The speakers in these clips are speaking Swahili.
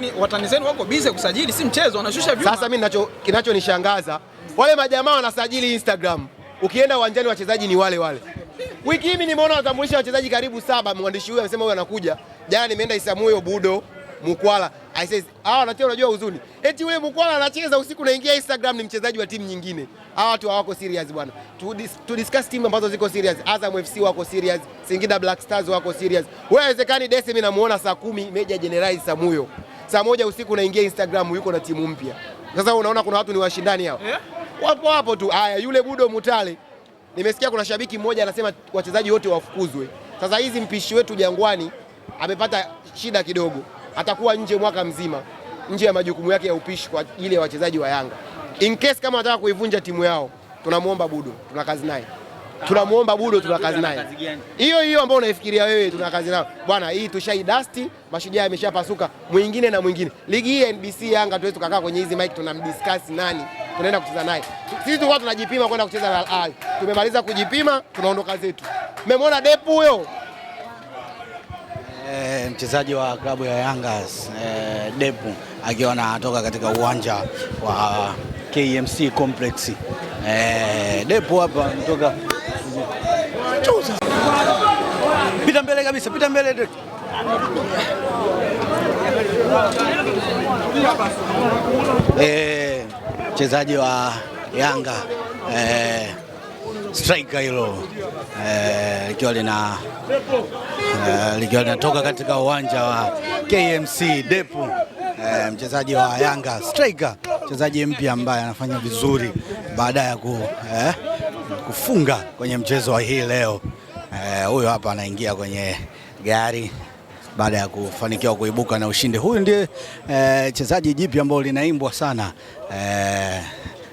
lakini watani zenu wako bize kusajili, si mchezo, wanashusha vyuma. Sasa mimi kinachonishangaza wale majamaa wanasajili Instagram, ukienda uwanjani wachezaji ni wale wale. Wiki hii mimi nimeona watambulisha wachezaji karibu saba, mwandishi huyu amesema huyu anakuja. Jana nimeenda Isamuyo Budo Mukwala I says hawa wanatia, unajua uzuni eti wewe Mukwala anacheza usiku, naingia Instagram ni mchezaji wa timu nyingine. Hawa watu hawako serious bwana. To, dis, to discuss team ambazo ziko serious. Azam FC wako serious, Singida Black Stars wako serious. Wewe haiwezekani, Desi, mimi namuona saa kumi Meja Jenerali Samuyo saa moja usiku unaingia Instagram, yuko na timu mpya. Sasa unaona kuna watu ni washindani hao, yeah. wapo hapo tu. aya yule Budo Mutale, nimesikia kuna shabiki mmoja anasema wachezaji wote wafukuzwe. Sasa hizi mpishi wetu Jangwani amepata shida kidogo, atakuwa nje mwaka mzima nje ya majukumu yake ya upishi kwa ajili ya wachezaji wa Yanga. In case kama wanataka kuivunja timu yao, tunamwomba Budo, tuna kazi naye tunamuomba budo, tuna kazi naye hiyo hiyo ambayo unaifikiria wewe, tuna kazi nayo bwana. Hii tushaidasti, mashujaa yameshapasuka, mwingine na mwingine. Ligi hii ya NBC Yanga tuwezi tukakaa kwenye hizi mike, tunamdiscuss nani tunaenda kucheza naye. Sisi tulikuwa tunajipima kwenda kucheza na Al Ahly, tumemaliza kujipima, tunaondoka zetu. Mmemwona Depu huyo e, mchezaji wa klabu ya Yanga e, Depu akiwa anatoka katika uwanja wa KMC Complex. Eh, Depu hapa anatoka mbele kabisa, pita mbele direct. Eh, mchezaji wa Yanga eh, striker hilo eh, likiwa lina eh, likiwa linatoka katika uwanja wa KMC Depu eh, mchezaji wa Yanga striker, mchezaji mpya ambaye anafanya vizuri baada ya ku, kufunga kwenye mchezo wa hii leo. Eh, huyu hapa anaingia kwenye gari baada ya kufanikiwa kuibuka na ushindi. Huyu ndiye eh, chezaji jipya ambao linaimbwa sana eh,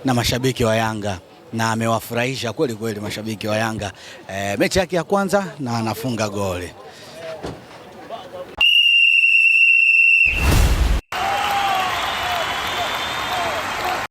na mashabiki wa Yanga na amewafurahisha kweli kweli mashabiki wa Yanga eh, mechi yake ya kwanza na anafunga goli.